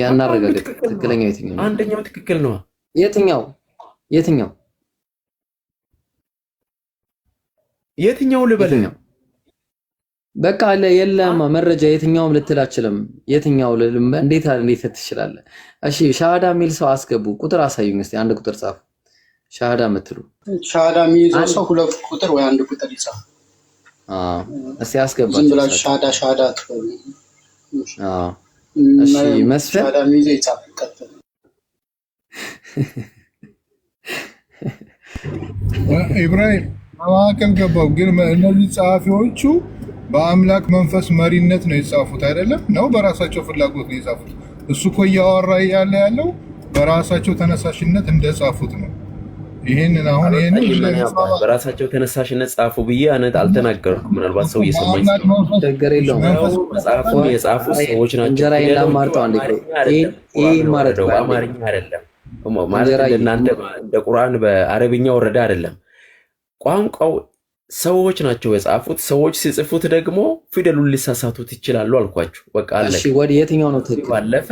ያናረጋግጥ ትክክለኛው የትኛው ነው? አንደኛው ትክክል ነው። የትኛው የትኛው የትኛው ልበል? በቃ አለ የለም መረጃ የትኛውም ልትል አችልም። የትኛው እንዴት እንዴት ትችላለህ? እሺ ሻሃዳ የሚል ሰው አስገቡ። ቁጥር አሳዩኝ እስቲ። አንድ ቁጥር ጻፉ። ሻሃዳ የምትሉ ሻሃዳ የሚይዘው ሰው ሁለት ቁጥር ወይ አንድ ቁጥር ይጻፍ። አዎ እስቲ አስገባ። ዝም ብላችሁ ሻሃዳ ሻሃዳ አትበሉ። አዎ ኢብራሂም መዋቅል ገባው። ግን እነዚህ ጸሐፊዎቹ በአምላክ መንፈስ መሪነት ነው የጻፉት አይደለም ነው በራሳቸው ፍላጎት ነው የጻፉት። እሱ እኮ እያወራ ያለ ያለው በራሳቸው ተነሳሽነት እንደጻፉት ነው። ይህንን አሁን በራሳቸው ተነሳሽነት ጻፉ ብዬ አነት አልተናገርኩም። ምናልባት ሰው እየሰማኝ መጽሐፉን የጻፉ ሰዎች ናቸው። በአማርኛ አይደለም ማለት እናንተ እንደ ቁርአን በአረብኛ ወረዳ አይደለም። ቋንቋው ሰዎች ናቸው የጻፉት። ሰዎች ሲጽፉት ደግሞ ፊደሉን ሊሳሳቱት ይችላሉ አልኳችሁ። በቃ የትኛው ነው ባለፈ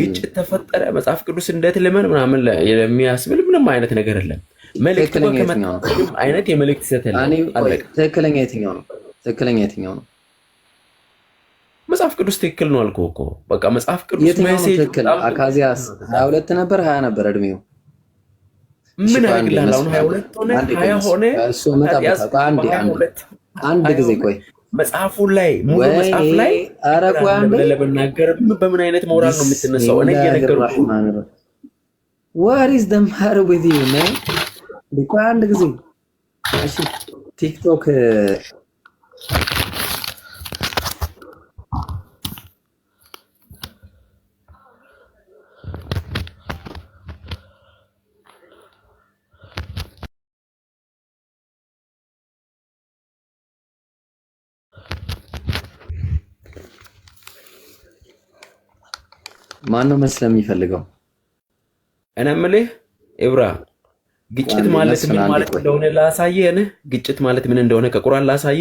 ግጭት ተፈጠረ መጽሐፍ ቅዱስ እንዴት ልመን ምናምን የሚያስብል ምንም አይነት ነገር የለም። አይነት የመልእክት ትክክለኛ የትኛው ነው? ትክክለኛ የትኛው ነው? መጽሐፍ ቅዱስ ትክክል ነው አልኩህ እኮ በቃ መጽሐፍ ቅዱስ ነው ትክክል? አካዚያስ ሀያ ሁለት ነበር ሀያ ነበር እድሜው ምን ያደርግልሃል? ሀያ ሁለት ሆነ ሀያ ሆነ አንድ ጊዜ ቆይ መጽሐፉ ላይ ሙሉ መጽሐፍ ላይ ለመናገር በምን አይነት ሞራል ነው የምትነሳው? እኔ እየነገርኩህ ወሪዝ ደማር ዊዝ ዩ ቆይ አንድ ጊዜ እሺ፣ ቲክቶክ ማነው መስለም የሚፈልገው? እኔ የምልህ ኢብራ ግጭት ማለት ምን ማለት እንደሆነ ላሳየህ። ግጭት ማለት ምን እንደሆነ ከቁርአን ላሳየ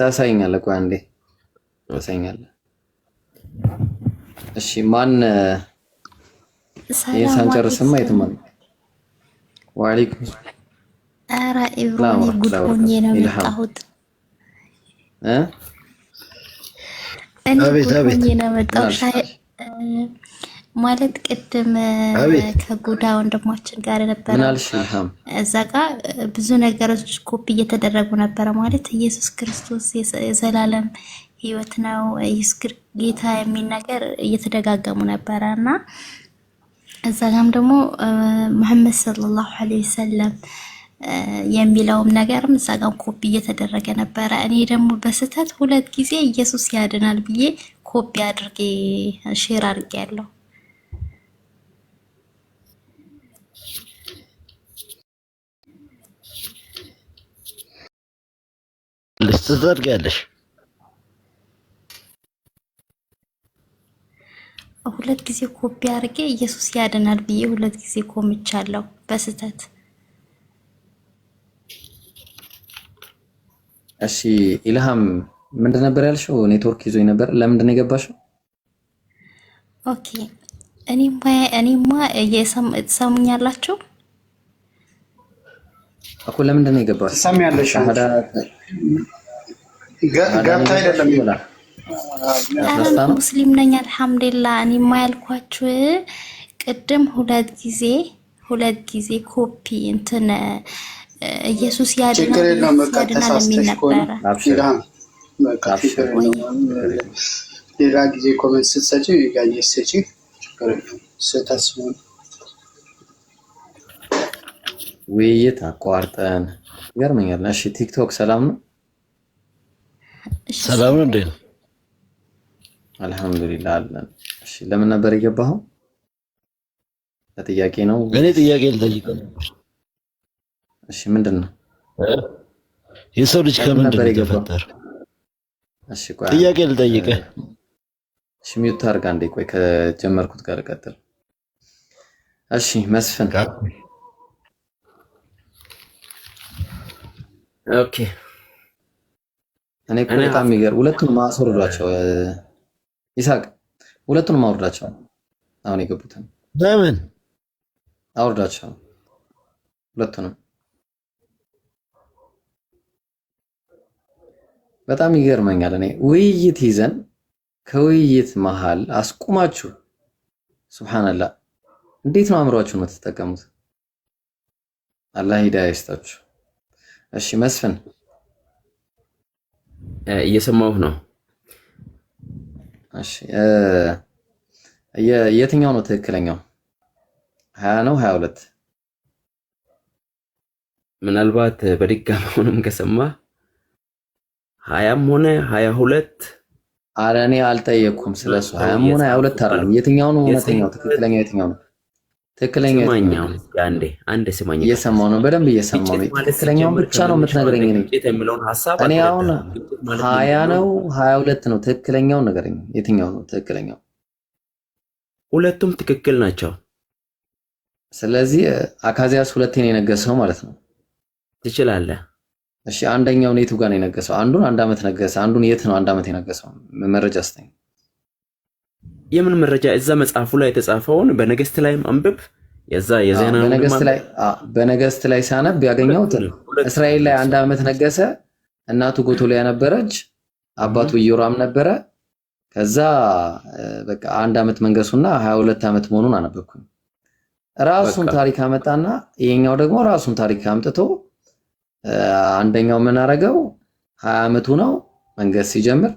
ታሳይኛለህ? ቆይ አንዴ እሺ፣ ማን ይሄን ሳንጨርስማ የትማል ዋሊኩም ኧረ ጉድ ሆኜ ነው የመጣሁት። እኔ ጉድ ሆኜ ነው የመጣሁት። ማለት ቅድም ከጉዳ ወንድማችን ጋር ነበረ እዛ ብዙ ነገሮች ኮፒ እየተደረጉ ነበረ። ማለት ኢየሱስ ክርስቶስ የዘላለም ሕይወት ነው ጌታ የሚል ነገር እየተደጋገሙ ነበረ እና እዛ ጋም ደግሞ መሐመድ ሰለላሁ ዐለይሂ ወሰለም የሚለውም ነገርም እዛ ጋም ኮፒ እየተደረገ ነበረ። እኔ ደግሞ በስህተት ሁለት ጊዜ ኢየሱስ ያድናል ብዬ ኮፒ አድርጌ ሼር አድርጌ ያለው ትጸድቂያለሽ ትጸድቂያለሽ። ሁለት ጊዜ ኮፒ አድርጌ ኢየሱስ ያድናል ብዬ ሁለት ጊዜ ኮምቻለሁ በስተት። እሺ ኢልሃም ምንድን ነበር ያልሽው? ኔትወርክ ይዞኝ ነበር። ለምንድን ነው የገባሽው? ኦኬ እኔማ እኔማ የሰሙኛላችሁ እኮ ለምንድን ነው የገባው? ትሰሚያለሽ? ገብታ አይደለም ሙስሊም ነኝ አልሐምዱሊላ። እኔማ ያልኳችሁ ቅድም ሁለት ጊዜ ሁለት ጊዜ ኮፒ እንትን ኢየሱስ ያድናል የሚል ነበረ። ሌላ ጊዜ ኮመንት ስትሰጪ ስህተት ውይይት አቋርጠን ይገርመኛል። እሺ ቲክቶክ ሰላም ነው? ሰላም ነው እንዴ? አልሐምዱሊላህ አለን። እሺ ለምን ነበር የገባኸው? ለጥያቄ ነው። እኔ ጥያቄ ልጠይቅ። እሺ ምንድን ነው? የሰው ልጅ ከምንድን ነው የተፈጠረው? እሺ ቆይ ጥያቄ ልጠይቅ። እሺ ሚውት አድርጋ እንዴ። ቆይ ከጀመርኩት ጋር ቀጥል። እሺ መስፍን ኦኬ እኔ እኮ በጣም የሚገርም ሁለቱን ማስወርዳቸው ይሳቅ ሁለቱን ማወርዳቸው አሁን የገቡትን ለምን አውርዳቸው ሁለቱንም። በጣም ይገርመኛል። እኔ ውይይት ይዘን ከውይይት መሀል አስቁማችሁ ሱብሃነላህ እንዴት ነው አእምሯችሁን የምትጠቀሙት? አላህ ሂዳያ ይስጣችሁ። እሺ መስፍን እየሰማሁህ ነው። እሺ የትኛው ነው ትክክለኛው? ሀያ ነው ሀያ ሁለት ምናልባት በድጋሚ አሁንም ከሰማ ሀያም ሆነ ሀያ ሁለት አረ እኔ አልጠየቅኩም ስለሱ ሀያም ሆነ ሀያ ሁለት አይደለም። የትኛው ነው እውነተኛው ትክክለኛው የትኛው ነው? ትክክለኛ አንዴ አንዴ ስማኝ፣ እየሰማሁ ነው፣ በደንብ እየሰማው ነው። ትክክለኛውን ብቻ ነው የምትነግረኝ። እኔ አሁን ሀያ ነው ሀያ ሁለት ነው። ትክክለኛውን ነገረኝ። የትኛው ነው ትክክለኛው? ሁለቱም ትክክል ናቸው። ስለዚህ አካዚያስ ሁለቴን የነገሰው ማለት ነው። ትችላለህ። እሺ አንደኛውን የቱ ጋር ነው የነገሰው? አንዱን አንድ አመት ነገሰ። አንዱን የት ነው አንድ አመት የነገሰው? መረጃ ስጠኝ። የምን መረጃ እዛ መጽሐፉ ላይ የተጻፈውን በነገስት ላይም አንብብ የዛ የዜና በነገስት ላይ ሳነብ ያገኘሁት እስራኤል ላይ አንድ ዓመት ነገሰ። እናቱ ጎቶሊያ ነበረች፣ አባቱ ኢዮራም ነበረ። ከዛ በቃ አንድ ዓመት መንገሱና ሀያ ሁለት ዓመት መሆኑን አነበኩኝ። ራሱን ታሪክ አመጣና ይሄኛው ደግሞ ራሱን ታሪክ አምጥቶ አንደኛው ምን አረገው ሀያ ዓመቱ ነው መንገስ ሲጀምር፣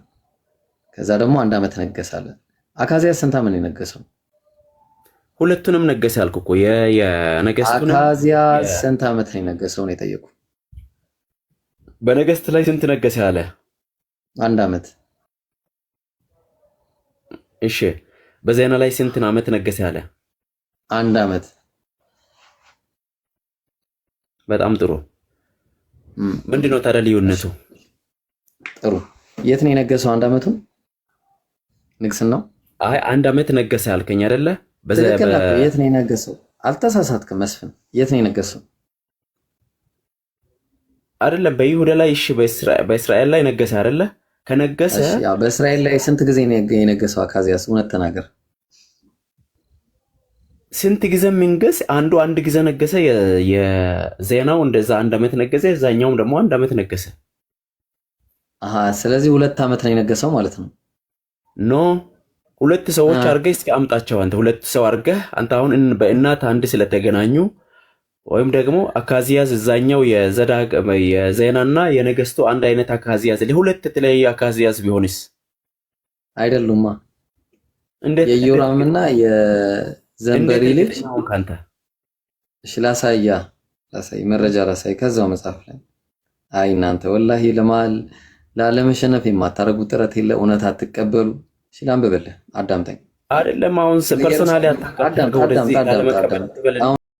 ከዛ ደግሞ አንድ ዓመት ነገሳለን። አካዚያስ ስንት ዓመት ነው የነገሰው? ሁለቱንም ነገሰ ያልኩ እኮ የነገስቱን። አካዚያስ ስንት ዓመት ነው የነገሰው ነው የጠየቁ። በነገስት ላይ ስንት ነገሰ ያለ? አንድ ዓመት። እሺ፣ በዜና ላይ ስንት ዓመት ነገሰ ያለ? አንድ ዓመት። በጣም ጥሩ። ነው ታዲያ ልዩነቱ? ጥሩ። የት ነው የነገሰው? አንድ ዓመቱ ነው። አይ አንድ ዓመት ነገሰ ያልከኝ አይደለ? የት ነው የነገሰው? አልተሳሳትክም መስፍን። የት ነው የነገሰው? አይደለም በይሁዳ ላይ እሺ፣ በእስራኤል ላይ ነገሰ አይደለ? ከነገሰ በእስራኤል ላይ ስንት ጊዜ የነገሰው አካዚያስ? እውነት ተናገር። ስንት ጊዜ መንገስ? አንዱ አንድ ጊዜ ነገሰ። የዜናው እንደዛ አንድ ዓመት ነገሰ፣ የዛኛውም ደግሞ አንድ ዓመት ነገሰ። ስለዚህ ሁለት ዓመት ነው የነገሰው ማለት ነው ኖ ሁለት ሰዎች አድርገህ እስኪ አምጣቸው። አንተ ሁለት ሰው አድርገህ አንተ አሁን በእናት አንድ ስለተገናኙ ወይም ደግሞ አካዚያዝ እዛኛው የዜናና የነገስቱ አንድ አይነት አካዚያዝ ለሁለት የተለያዩ አካዚያዝ ቢሆንስ? አይደሉማ። እንዴት የዮራምና የዘንበሪ ልጅ ከአንተ እሺ፣ ላሳያ ላሳይ መረጃ ላሳይ ከዛው መጽሐፍ ላይ አይ እናንተ ወላሂ ለማል ላለመሸነፍ የማታረጉ ጥረት የለ እውነት አትቀበሉ ሲል አንብብልህ አዳምጠኝ። አይደለም አሁን ፐርሶናሊ አታውቅም።